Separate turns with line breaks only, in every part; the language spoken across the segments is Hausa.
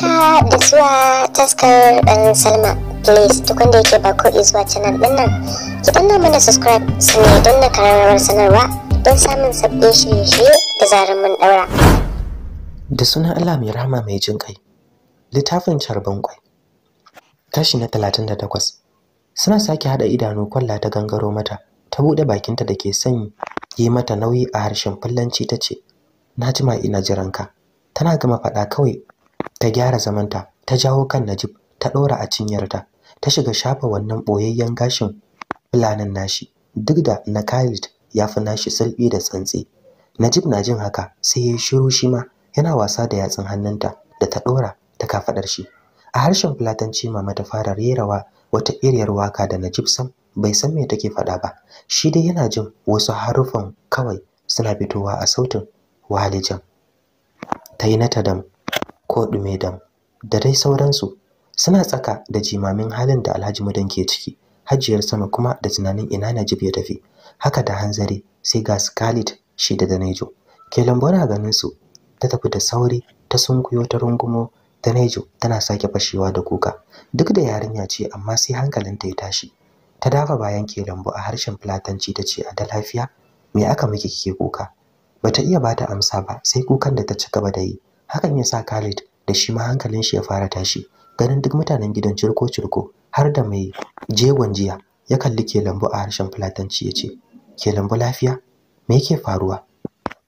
haka da zuwa taskar dan salma please duk wanda yake ba ko zuwa canal din nan ki danna mana subscribe su ne don na kararrawar sanarwa don samun sabbin shirye-shirye da zarar mun daura da sunan allah mai rahama mai jin kai littafin carban kwai tashi na 38 suna sake haɗa idanu kwalla ta gangaro mata ta buɗe bakinta da ke sanyi yi mata nauyi a harshen fullanci ta ce na jima ina jiranka tana gama faɗa kawai ta gyara zamanta ta jawo kan Najib ta ɗora a cinyarta ta shiga shafa wannan ɓoyayyen gashin fulanin nashi duk da na Khalid ya fi nashi sulbi da tsantsi Najib na jin haka sai ya shiru shi ma yana wasa da yatsun hannunta da ta ɗora ta kafaɗar shi a harshen fulatanci mama ta fara rerawa wata iriyar waka da Najib sam bai san me take faɗa ba shi dai yana jin wasu haruffan kawai suna fitowa a sautin walijan ta yi na tadam ko dam da dai sauransu suna tsaka da jimamin halin da Alhaji Mudan ke ciki hajiyar sama kuma da tunanin ina Najib ya tafi haka da hanzari sai ga Scarlett shi da Danejo ke lambona ganin su ta tafi da sauri ta sunkuyo ta rungumo Danejo tana sake fashewa da kuka duk da yarinya ce amma sai hankalinta ya tashi ta dafa bayan ke lambu a harshen fulatanci ta ce a da lafiya me aka miki kike kuka bata iya bata amsa ba sai kukan da ta ci gaba da hakan ya sa Khalid da shi ma hankalin shi ya fara tashi ganin duk mutanen gidan cirko-cirko har da mai jegon jiya ya kalli ke lambu a harshen fulatanci ya ce ke lambu lafiya me yake faruwa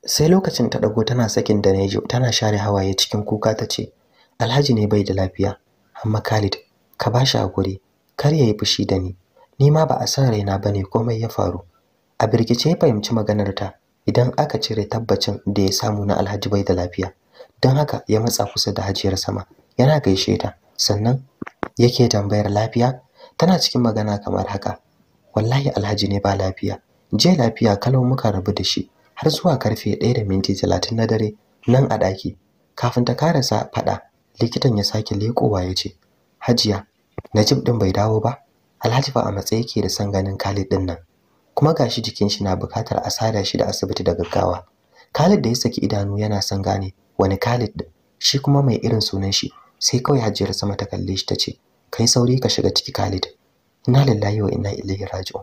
sai lokacin ta dago tana sakin da Naijo tana share hawaye cikin kuka ta ce alhaji ne bai da lafiya amma khalid ka ba shi hakuri kar ya yi fushi da ni ni ma ba a san raina ba ne komai ya faru a birgice ya fahimci maganar ta idan aka cire tabbacin da ya samu na alhaji bai da lafiya don haka ya matsa kusa da hajiyar sama yana gaishe ta sannan yake tambayar lafiya tana cikin magana kamar haka wallahi alhaji ne ba lafiya je lafiya kalau muka rabu da shi har zuwa karfe 1 da minti 30 na dare nan a daki kafin ta karasa fada likitan ya sake lekowa ya ce hajiya najib din bai dawo ba alhaji ba a matsayi yake da san ganin Khalid din nan kuma gashi jikin shi na bukatar a sada shi da asibiti da gaggawa Khalid da ya saki idanu yana san gane wani Khalid din shi kuma mai irin sunan shi sai kawai Hajiyar sama ta kalle shi tace kai sauri ka shiga ciki Khalid inna lillahi wa inna ilaihi raji'un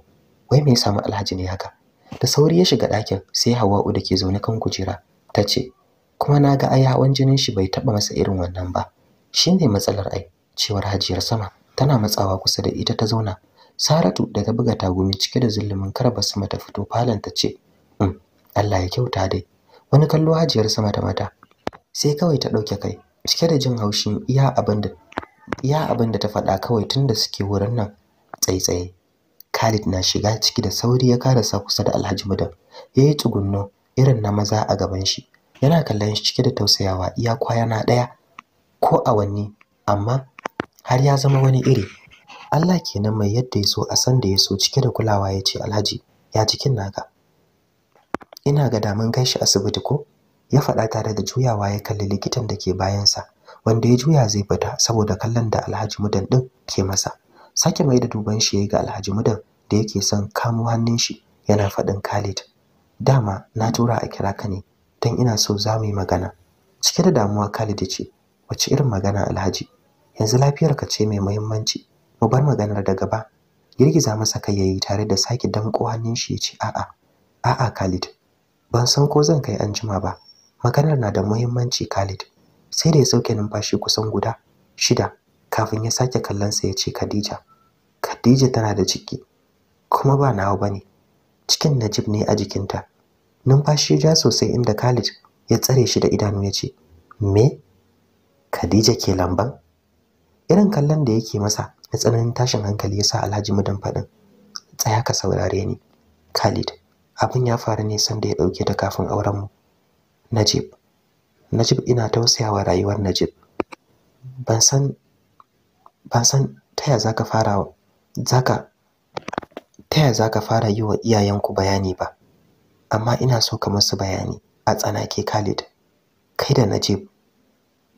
wai me ya samu Alhaji ne haka da sauri ya shiga ɗakin sai Hawwa'u da ke zaune kan kujera tace kuma naga ai hawan jinin shi bai taba masa irin wannan ba shine matsalar ai cewar Hajiyar sama tana matsawa kusa da ita ta zauna Saratu da ta buga tagumi cike da zulumin karba sama ta fito falon ta ce um Allah ya kyauta dai wani kallo Hajiyar sama ta mata sai kawai ta ɗauke kai cike da jin haushin iya abin da ta faɗa kawai tunda suke wurin nan tsaitsaye Khalid na shiga ciki da sauri ya karasa kusa da Alhaji Mudan yi tsugunno irin na maza a gaban shi yana kallon shi cike da tausayawa iya na ɗaya ko awanni amma har ya zama wani iri Allah kenan mai yadda ya so a san da ya so cike da kulawa ya ce Alhaji ya cikin naka ina ga damun kai shi asibiti ko ya faɗa tare da juyawa ya kalli likitan da ke bayansa wanda ya juya zai fita saboda kallon da Alhaji Mudan ɗin ke masa sake mai da duban shi ga Alhaji Mudan da yake son kamo hannun shi yana faɗin Khalid dama na tura a kira ka ne dan ina so za mu yi magana cike da damuwa Khalid ya ce wace irin magana Alhaji yanzu lafiyar ka ce mai muhimmanci mu bar maganar da gaba girgiza masa kai yayi tare da sake danko hannun shi ya ce a'a a'a Khalid ban san ko zan kai anjima ba maganar na da muhimmanci Khalid sai da ya sauke numfashi kusan guda shida kafin ya sake kallon sa ya ce Khadija Khadija tana da ciki kuma ba nawa bane cikin Najib ne a jikinta numfashi ya ja sosai inda Khalid ya tsare shi da idanu ya ce me Khadija ke lamban irin kallon da yake masa na tsananin tashin hankali yasa Alhaji Mudan faɗin tsaya ka saurare ni Khalid abin ya faru ne sanda ya dauke ta kafin auren mu Najib Najib ina tausayawa rayuwar Najib ban san ban san taya zaka fara zaka taya zaka fara yi wa iyayenku bayani ba amma ina so ka musu bayani a tsanake Khalid kai da Najib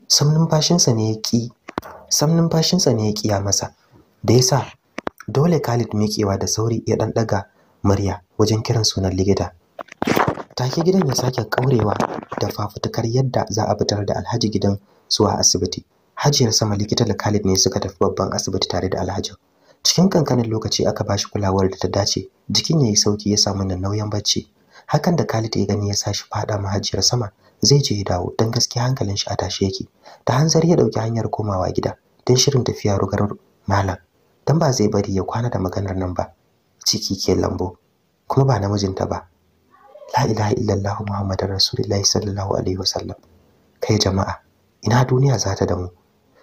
sam numfashinsa ne ya ki sam numfashinsa ne ya kiya masa da yasa dole Khalid miƙewa da sauri ya dan daga murya wajen kiran sunan ligida take gidan ya sake kaurewa da fafutukar yadda za a fitar da Alhaji gidan zuwa asibiti Hajiyar sama likita da Khalid ne suka tafi babban asibiti tare da Alhaji cikin kankanin lokaci aka ba shi kulawar da ta dace jikin ya yi sauki ya samu nauyin bacci hakan da Khalid ya gani ya shi fada mahajiyar sama zai je ya dawo dan gaskiya hankalin shi a tashe yake da hanzari ya dauki hanyar komawa gida dan shirin tafiya rugar malam dan ba zai bari ya kwana da maganar nan ba ciki ke lambo kuma ba namijinta ba la ilaha illallah Muhammadur rasulullahi sallallahu alaihi wasallam kai jama'a ina duniya za ta damu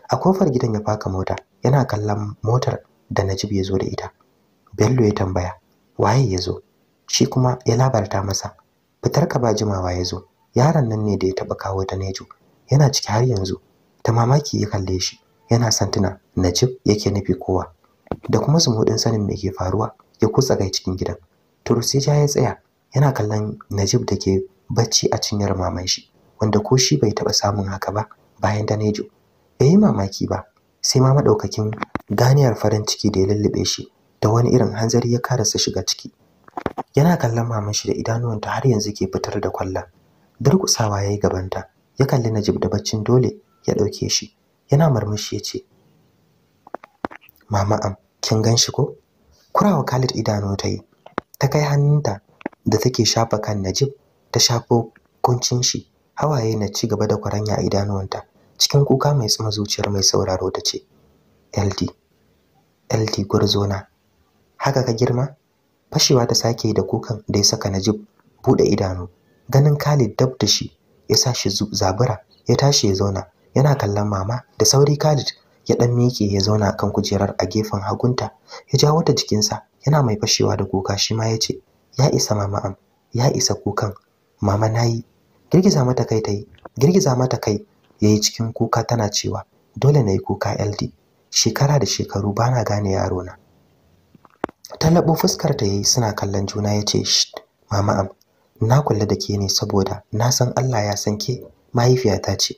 a kofar gidan ya faka mota yana kallon motar da najib ya zo da ita bello ya tambaya waye ya zo shi kuma ya labarta masa fitar ka ba jimawa ya zo yaron nan ne da ya taba kawo ta nejo yana ciki har yanzu ta mamaki ya kalle shi yana santuna najib yake nufi kowa da kuma sumuɗin sanin me ke faruwa ya kutsa kai cikin gidan tursi ja ya tsaya yana kallon Najib da ke bacci a cinyar maman shi wanda ko shi bai taɓa samun haka ba bayan Najib bai yi mamaki ba sai ma madaukakin ganiyar farin ciki da ya lullube shi da wani irin hanzari ya karasa shiga ciki yana kallon maman shi da idanuwanta har yanzu ke fitar da kwalla durkusawa yi gabanta ya kalli Najib da baccin dole ya ɗauke shi yana murmushi ce. mama am kin ganshi ko kurawa Khalid idanu ta yi ta kai hannunta da take shafa kan Najib ta shafo kuncin shi hawaye na ci gaba da kwaranya a idanuwanta cikin kuka mai tsuma zuciyar mai sauraro ta ce LD LD gurzona haka ka girma fashewa ta sake da kukan da ya saka Najib bude idanu ganin Khalid dab da shi ya sa shi zabura ya tashi ya zauna yana kallon mama da sauri Khalid ya dan miƙe ya zauna kan kujerar a gefen hagunta ya jawo ta jikinsa yana mai fashewa da kuka shi ma ya ce ya isa mama am ya isa kukan mama nayi girgiza mata kai tai girgiza mata kai yayi cikin kuka tana cewa dole nayi kuka LD shekara da shekaru bana gane yaro na ta labo fuskar ta yayi suna kallon juna yace mama am na kula da ke ne saboda na san Allah ya san ke mahaifiyata ce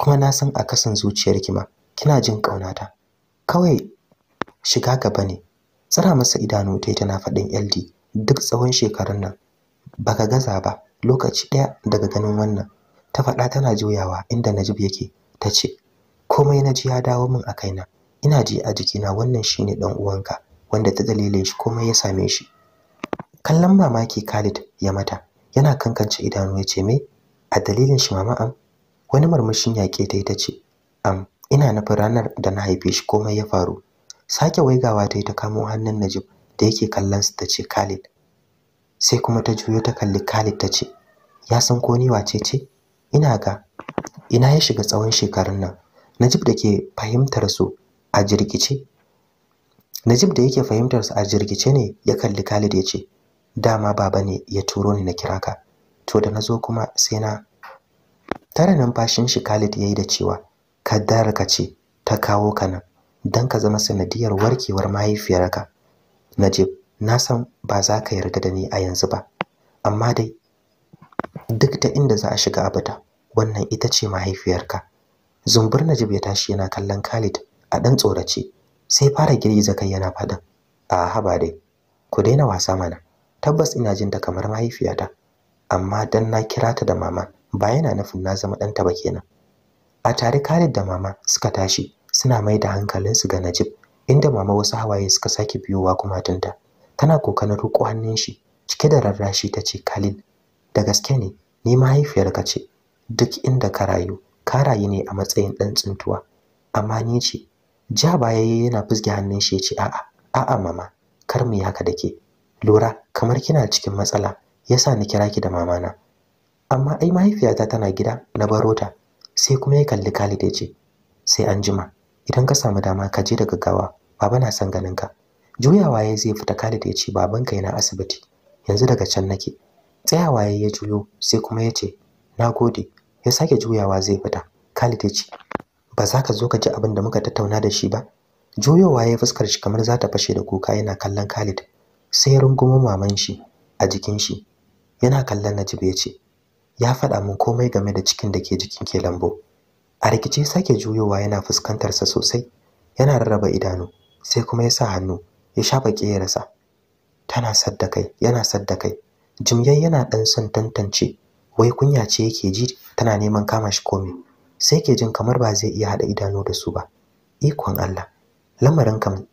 kuma na san a kasan zuciyarki ma kina jin kaunata kawai shiga gaba ne tsara masa idanu tai tana faɗin LD duk tsawon shekarun nan baka gaza ba lokaci ɗaya daga ganin wannan ta faɗa tana juyawa inda Najib yake ta ce komai na ji ya dawo min a kaina ina ji a jikina wannan shine ɗan uwanka wanda ta dalilin shi komai ya same shi kallon mamaki Khalid ya mata yana kankance idanu ya ce me a dalilin shi mama am wani murmushin yake ta yi ta ce am ina nufin ranar da na haife shi komai ya faru sake waigawa ta yi ta kamo hannun Najib da yake kallon su tace Khalid sai kuma ta juyo ta kalli Khalid tace ya san ko ni wace ce ina ga ina ya shiga tsawon shekarun nan Najib da fahimtar su a jirgice Najib da yake fahimtar su a jirgice ne ya kalli Khalid yace dama baba ne ya turo ni na kira ka to da nazo kuma sai na tare numfashin shi Khalid yayi da cewa ka ce ta kawo ka nan dan ka zama sanadiyar warkewar mahaifiyarka Najib na san ba za ka yarda da ni a yanzu ba amma dai duk ta inda za a shiga abada wannan ita ce mahaifiyarka zumbur Najib ya tashi yana kallon Khalid a ɗan tsorace sai fara girgiza kai yana faɗin a haba dai ku daina wasa mana tabbas ina jin ta kamar mahaifiyata amma dan na kira ta da mama ba yana nufin na zama ɗanta ba kenan a tare Khalid da mama suka tashi suna mai da hankalinsu ga Najib inda mama wasu hawaye suka sake biyowa kuma tunta, tana kokarin riko hannun shi cike da rarrashi ta ce Khalil da gaske ne ni mahaifiyarka ce duk inda ka rayu ka rayu ne a matsayin ɗan tsintuwa amma ni ce ja baya yana fusge hannun shi ya ce a'a a'a mama kar mu yi haka dake lura kamar kina cikin matsala yasa ni kira ki da mama na amma ai mahaifiyata tana gida na baro ta sai kuma ya kalli Khalid ya ce sai an jima idan ka samu dama ka je da gaggawa baba na son ganin ka juyawa ya zai fita Khalid ya ce babanka yana asibiti yanzu daga can nake tsayawa ya juyo sai kuma ya ce nagode ya sake juyawa zai fita Khalid ya ce ba za ka zo ka ji abin da muka tattauna da shi ba juyowa ya fuskar shi kamar za ta fashe da kuka yana kallon Khalid sai ya rungumo maman shi a jikin shi yana kallon Najib ya ce ya faɗa min komai game da cikin da ke jikin ke lambo a rikice sake juyowa yana fuskantarsa sosai yana rarraba idanu sai kuma ya sa hannu ya shafa kiyarsa tana sadda kai yana sadda kai jimyai yana ɗan son tantance wai kunya ce yake ji tana neman kama shi komai sai ke jin kamar ba zai iya haɗa idanu da su ba ikon Allah lamarin kam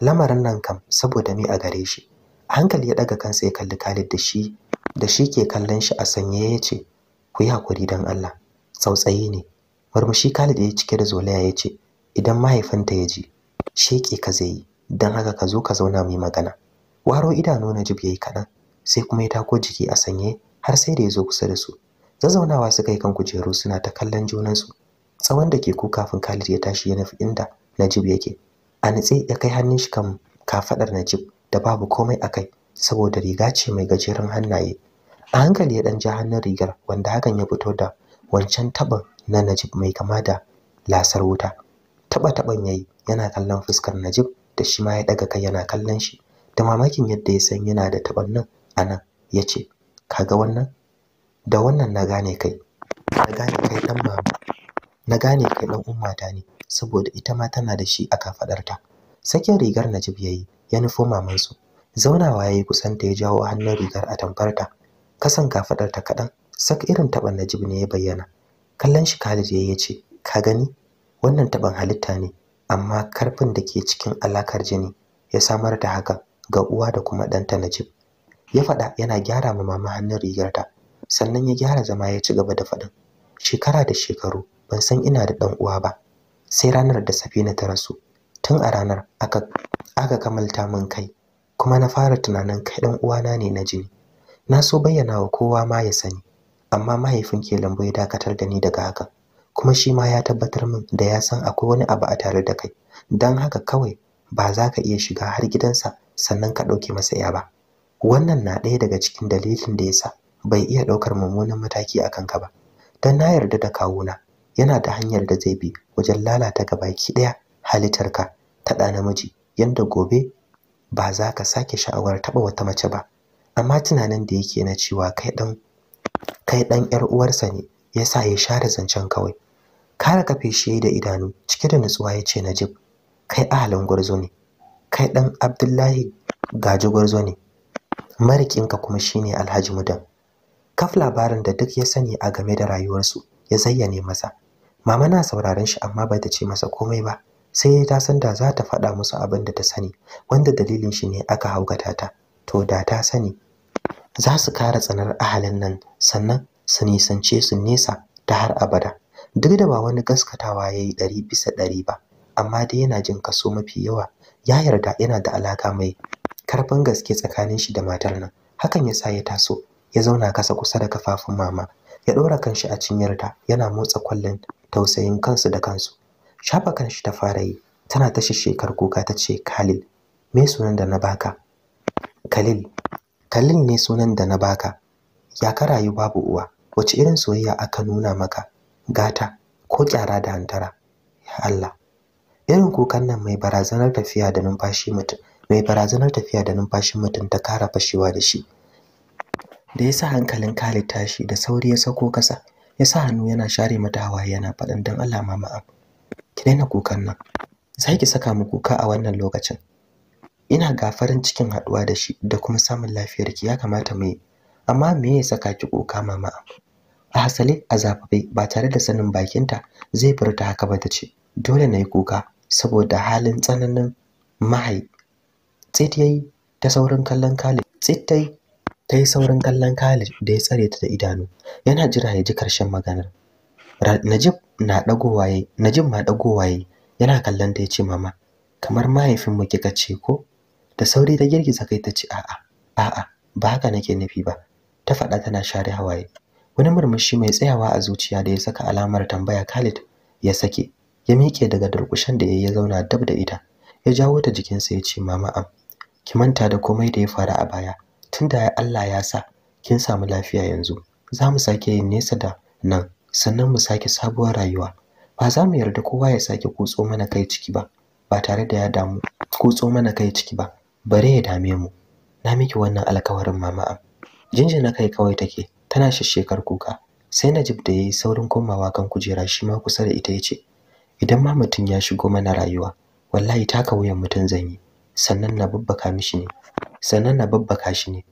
lamarin nan kam saboda me a gare shi hankali ya daga kansa ya kalli Khalid da shi da shi ke kallon shi a sanye ya ce ku yi hakuri dan Allah tsautsayi ne murmushi Khalid ya cike da zolaya ya ce idan mahaifinta ya ji sheke ka zai yi don haka ka zo ka zauna mai magana waro idanu na jib yayi kaɗan sai kuma ya tako jiki a sanye har sai da ya zo kusa da su zazzaunawa suka yi kan kujeru suna ta kallon junansu tsawon da ke ku kafin Khalid ya tashi ya nufi inda Najib yake a nitse ya kai hannun shi kan kafadar Najib da babu komai a kai saboda riga ce mai gajeren hannaye a hankali ya dan ja hannun rigar wanda hakan ya fito da wancan taba na Najib mai kama da lasar wuta taba taban yayi yana kallon fuskar Najib da shi ma ya daga kai yana kallon shi da mamakin yadda ya san yana da tabannin anan yace kaga wannan da wannan na gane kai na gane kai dan mama na gane kai dan ummata ne saboda ita ma tana da shi a kafadarta sakin rigar Najib yayi ya nufo maman su zaunawa yayi kusan ta ya jawo hannun rigar a tamfarta kasan kafadarta kadan sak irin taban Najib ne ya bayyana kallon shi Khalid yayi yace ka gani wannan taban halitta ne amma karfin da ke cikin alakar jini ya samar da haka ga uwa da kuma ɗanta Najib. Ya faɗa yana gyara ma mama hannun rigarta, sannan ya gyara zama ya ci gaba da faɗin. Shekara da shekaru ban san ina da ɗan uwa ba, sai ranar da Safina ta rasu. Tun a ranar aka aka kamalta min kai, kuma na fara tunanin kai ɗan uwana ne na jini. Na so bayyana wa kowa ma ya sani, amma mahaifin ke lambu ya dakatar da ni daga hakan. kuma shi ma ya tabbatar min da ya san akwai wani abu a tare da kai don haka kawai ba za ka iya shiga har gidansa sannan ka ɗauke masa ya ba wannan na ɗaya daga cikin dalilin da yasa bai iya ɗaukar mummunan mataki a kanka ba don na yarda da kawuna yana da hanyar da zai bi wajen lalata gabaki ɗaya halittarka ta ɗa namiji yadda gobe ba za ka sake sha'awar taɓa wata mace ba amma tunanin da yake na cewa kai ɗan ɗan 'yar uwarsa ne ya sa ya share zancen kawai kare kafe shi da idanu cike da nutsuwa ya ce najib kai ahalin gwarzo ne kai dan abdullahi gaji gwarzo ne marikinka kuma shine alhaji mudan kaf labarin da duk ya sani a game da rayuwarsu ya zayyane masa mama na sauraron shi amma bai ta ce masa komai ba sai ta san da za ta faɗa musu abin da ta sani wanda dalilin shi ne aka haukata ta to da ta sani za su kara tsanar ahalin nan sannan su nisance su nesa ta har abada duk da ba wani gaskatawa ya yi ɗari bisa ɗari ba amma dai yana jin kaso mafi yawa ya yarda yana da alaka mai karfin gaske tsakanin shi da matar nan hakan ya sa ya taso ya zauna kasa kusa da kafafun mama ya ɗora kanshi a cinyarta yana motsa kwallon tausayin kansu da kansu shafa kanshi ta fara yi tana ta shekar kuka ta ce Khalil me sunan da na baka Khalil Khalil ne sunan da na baka ya ka rayu babu uwa wace irin soyayya aka nuna maka gata ko kyara da hantara ya Allah irin kukan nan mai barazanar tafiya da numfashi mutum mai barazanar tafiya da numfashin mutum ta kara fashewa da shi da ya sa hankalin Khalid tashi da sauri ya sako kasa ya sa hannu yana share mata hawaye yana faɗin dan Allah mama am ki daina kukan nan sai ki saka mu kuka a wannan lokacin ina ga farin cikin haɗuwa da shi da kuma samun lafiyarki ya kamata mu yi amma me ya saka ki kuka mama am a hasale a zafafe ba tare da sanin bakinta zai furta haka ba ta ce dole na yi kuka saboda halin tsananin mahai tsit yi ta saurin kallon kali tsit ta yi saurin kallon kali da ya tsare ta da idanu yana jira ya ji karshen maganar Najib na ma dagowa waye yana kallon ta yace mama kamar mahaifinmu kika ce ko da sauri ta girgiza kai ta ce a'a a'a ba haka nake nufi ba ta faɗa tana share hawaye wani murmushi mai tsayawa a zuciya da ya saka alamar tambaya Khalid ya sake ya miƙe daga durƙushin da yayi ya zauna dab da ita ya jawo ta jikinsa ya ce mama am ki manta da komai da ya faru a baya tunda Allah ya sa kin samu lafiya yanzu za mu sake yin nesa da nan sannan mu sake sabuwar rayuwa ba za mu yarda kowa ya sake kutso mana kai ciki ba ba tare da ya damu kutso mana kai ciki ba bare ya dame mu na miki wannan alkawarin mama am na kai kawai take tana shishshekar kuka sai najib da yayi saurin komawa kan kujera shi ma kusa da ita yace idan ma mutum ya shigo mana rayuwa wallahi taka wuyan mutum zan yi sannan na babbaka mishi ne sannan na babbaka shi ne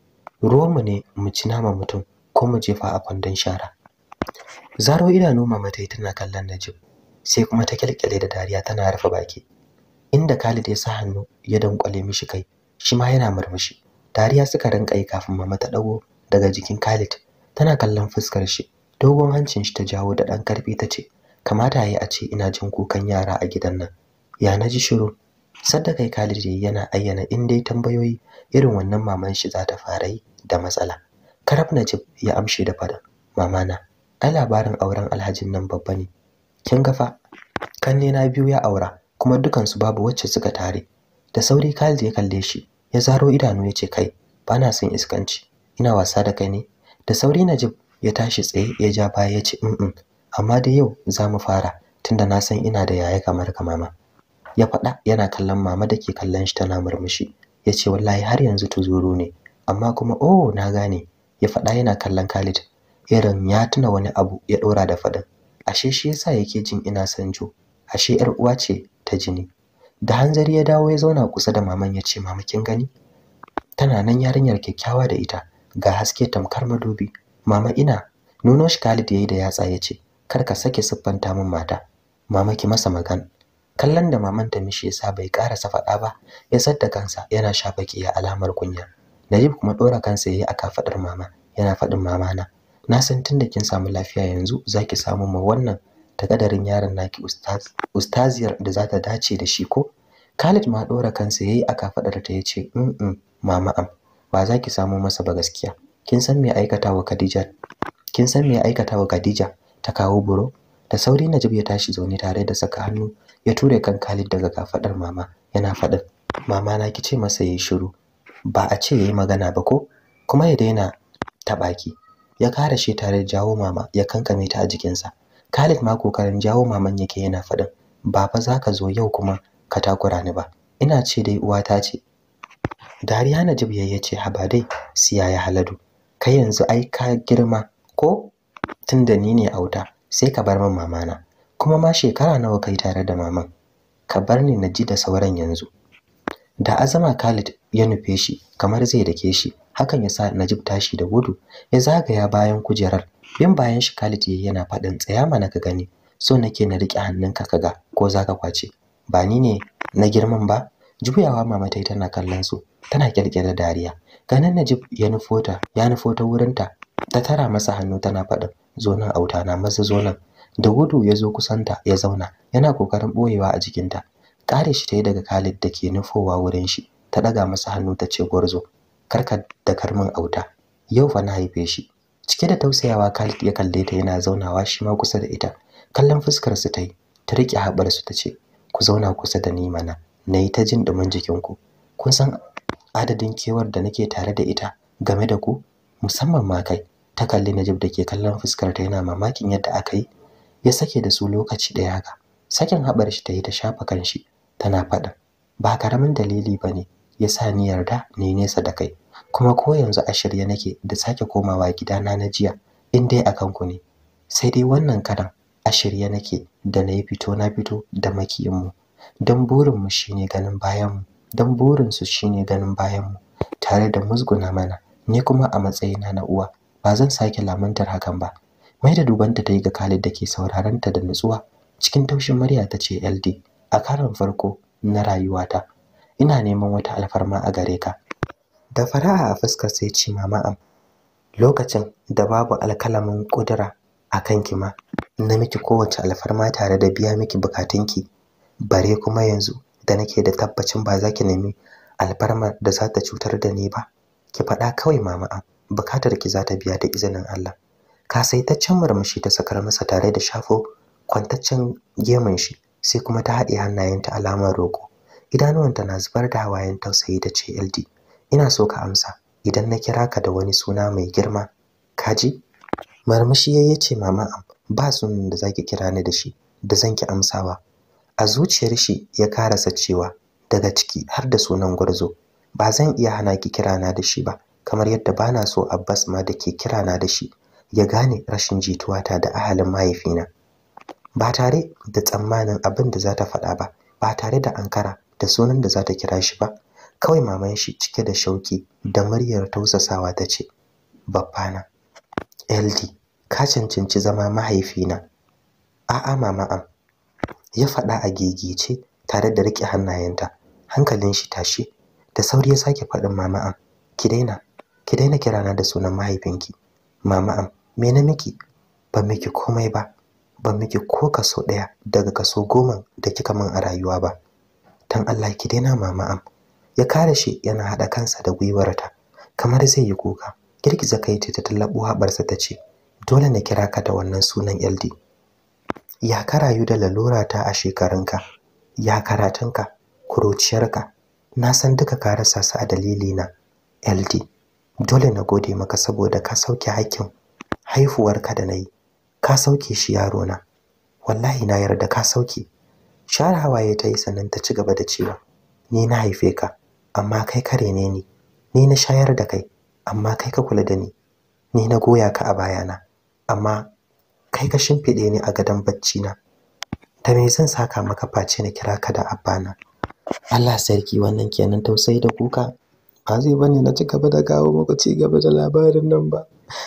mu ne mu ci nama mutum ko mu jefa a kwandon shara zaro idanu mama tai tana kallon najib sai kuma ta kyalkyale da dariya tana rufe baki inda Khalid ya sa hannu ya dankwale mishi kai shi ma yana murmushi dariya suka rinka yi kafin mama ta dago daga jikin Khalid tana kallon fuskar shi dogon hancin shi ta jawo da ɗan karfi ta ce kamata yayi a ce ina jin kukan yara a gidan nan ya naji shiru kai Khalid yana ayyana in dai tambayoyi irin wannan maman shi za ta fara yi da matsala karab najib ya amshe da fada mama na ai labarin auren alhajin nan babba ne kin ga fa kanne na biyu ya aura kuma dukan su babu wacce suka tare da sauri Khalid ya kalle shi ya zaro idanu ya ce kai bana son iskanci ina wasa da kai ne da sauri najib ya tashi tsaye ya ja baya ya ce mm amma da yau za mu fara tunda na san ina da yaya kamar ka mama ya faɗa yana kallon mama da ke kallon shi tana murmushi ya ce wallahi har yanzu tuzuru ne amma kuma oh na gane ya faɗa yana kallon Khalid irin ya tuna wani abu ya ɗora da faɗin ashe shi yasa yake jin ina son jo ashe yar uwa ce ta jini da hanzari ya dawo ya zauna kusa da maman ya ce mama kin gani tana nan yarinyar kyakkyawa da ita ga haske tamkar madubi mama ina nuno shi Khalid yayi da yatsa yace. ce kar ka sake siffanta min mata mama ki masa magan kallon da maman ta mishi yasa bai karasa faɗa ba ya sadda kansa yana shafa ya alamar kunya Najib kuma dora kansa yayi aka kafaɗar mama yana faɗin mama na na san tunda kin samu lafiya yanzu zaki samu ma wannan takadarin yaron naki ustaz ustaziyar da zata dace da shi ko Khalid ma dora kansa yayi aka kafaɗar ta yace mm mama am ba za ki samu masa ba gaskiya kin san me wa Khadija kin san me wa Khadija ta kawo buro da sauri Najib ya tashi zaune tare da saka hannu ya ture kan Khalid daga kafadar mama yana faɗin mama na ki ce masa yayi shiru ba a ce yayi magana ba ko kuma ya daina tabaki ya kare shi tare da jawo mama ya kankame ta a jikinsa Khalid ma kokarin jawo maman yake yana faɗin ba fa zaka zo yau kuma ka takura ni ba ina ce dai uwata ce dariya najib ya ce haba dai siya ya haladu kai yanzu ai ka girma ko Tun da ni ne auta sai ka bar min mamana kuma ma shekara nawa kai tare da maman ka bar ni na ji da sauran yanzu da azama Khalid ya nufe shi kamar zai dake shi hakan ya sa Najib tashi da gudu ya zagaya bayan kujerar bin bayan shi Khalid yayi yana faɗin tsaya mana ka gani so nake na riƙe hannunka ga ko zaka kwace ba ni ne na girman ba juyawa mama tai tana kallon su tana kirkire dariya ganin Najib ya nufo ta ya nufo ta wurin ta ta tara masa hannu tana faɗin zo nan auta na masa zo nan da gudu ya zo kusan ta ya zauna yana kokarin boyewa a jikinta kare shi ta yi daga Khalid da ke nufowa wurin shi ta daga masa hannu ta ce gwarzo karka da karmin auta yau fa na haife shi cike da tausayawa Khalid ya kalle ta yana zaunawa shi ma kusa da ita kallon fuskar su ta yi ta riƙe haɓarsu su ta ce ku zauna kusa da ni mana nayi ta jin ɗumin jikinku kun san adadin kewar da nake tare da ita game da ku musamman ma kai ta kalli Najib da ke kallon fuskar ta yana mamakin yadda aka yi ya sake da su lokaci ɗaya haka sakin haɓar shi ta yi ta shafa kanshi tana faɗa ba karamin dalili ba ne ya sa ni yarda ni nesa da kai kuma ko yanzu a shirye nake da sake komawa gidana na jiya in dai akan ku ne sai dai wannan karan a shirye nake da na yi fito na fito da makiyinmu don burinmu shine ganin bayanmu don burinsu shi ne ganin bayanmu tare da musguna mana ni kuma a matsayina na uwa ba zan sake lamantar hakan ba mai da dubanta ta yi ga Khalid da ke sauraron da nutsuwa cikin taushin murya ta ce LD a karon farko na rayuwata ina neman wata alfarma a gare ka da fara'a a fuskar sai ce mama lokacin da babu alkalamin kudura a kanki ma na miki kowace alfarma tare da biya miki bukatunki bare kuma yanzu da nake da tabbacin ba za ki nemi alfarmar da za ta cutar da ni ba ki faɗa kawai mama'a buƙatar ki za ta biya da izinin Allah ka sai ta can murmushi ta sakar masa tare da shafo kwantaccen gemun shi sai kuma ta haɗe hannayenta alamar roƙo idanuwanta na zubar da hawayen tausayi da ce LD ina so ka amsa idan na kira ka da wani suna mai girma kaji marmushi yayi ce mama am ba sunan da zaki kira ni da shi da zan ki amsawa a zuciyar shi ya karasa cewa daga ciki har da sunan gwarzo ba zan iya hana ki kirana da shi ba kamar yadda bana so Abbas ma da ke kirana da shi ya gane rashin jituwata da ahalin mahaifina ba tare da tsammanin abin da za ta faɗa ba ba tare da ankara da sunan da za ta kira shi ba kawai maman shi cike da shauki da muryar tausasawa ta ce babbana ld ka cancanci zama mahaifina a'a mama ya faɗa a gegece tare da riƙe hannayenta hankalin shi tashi da sauri ya sake faɗin mama ki daina ki daina kirana da sunan mahaifinki mama me na miki ban miki komai ba ban miki ko kaso ɗaya daga kaso goma da kika min a rayuwa ba dan Allah ki daina mama ya kare shi yana haɗa kansa da gwiwarta kamar zai yi kuka girgiza kai ta tallabo haɓarsa ta ce dole na kira ka da wannan sunan LD ya ka rayu da lalurata a shekarunka ya karatunka kuruciyarka na san duka ka rasa su a dalili dalilina ld dole na gode maka saboda ka sauke hakkin ka da na yi ka sauke shi yaro na. wallahi na yarda ka sauke share hawaye ta yi sannan ta ci gaba da cewa ni na haife ka amma kai kare ne ni ni na shayar da kai amma kai ka kula da ni ni na goya ka a bayana amma kai ka shimfiɗe ni a gadon bacci na da me zan saka maka face na kira ka da abana Allah sarki wannan kenan tausayi da kuka ba zai bane na ci gaba da kawo muku ci gaba da labarin nan ba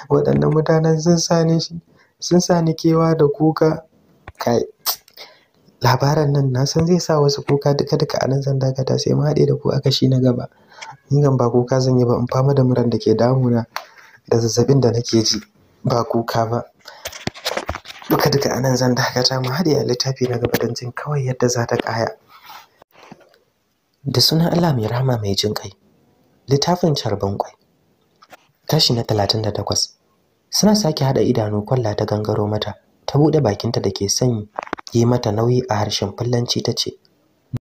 waɗannan mutanen sun sani shi sun sani kewa da kuka kai labaran nan na san zai sa wasu kuka duka duka anan zan dakata sai mu haɗe da ku a kashi na gaba ni ba kuka zan yi ba in fama da muran da ke damuna da zazzabin da nake ji ba kuka ba duka duka anan zan dakata mu ya littafi na gaba don jin kawai yadda za ta kaya da sunan Allah mai rahama mai jin kai littafin charban kwai kashi na 38 suna sake hada idanu kwalla ta gangaro mata ta bude bakinta da ke sanyi yi mata nauyi a harshen fullanci ta ce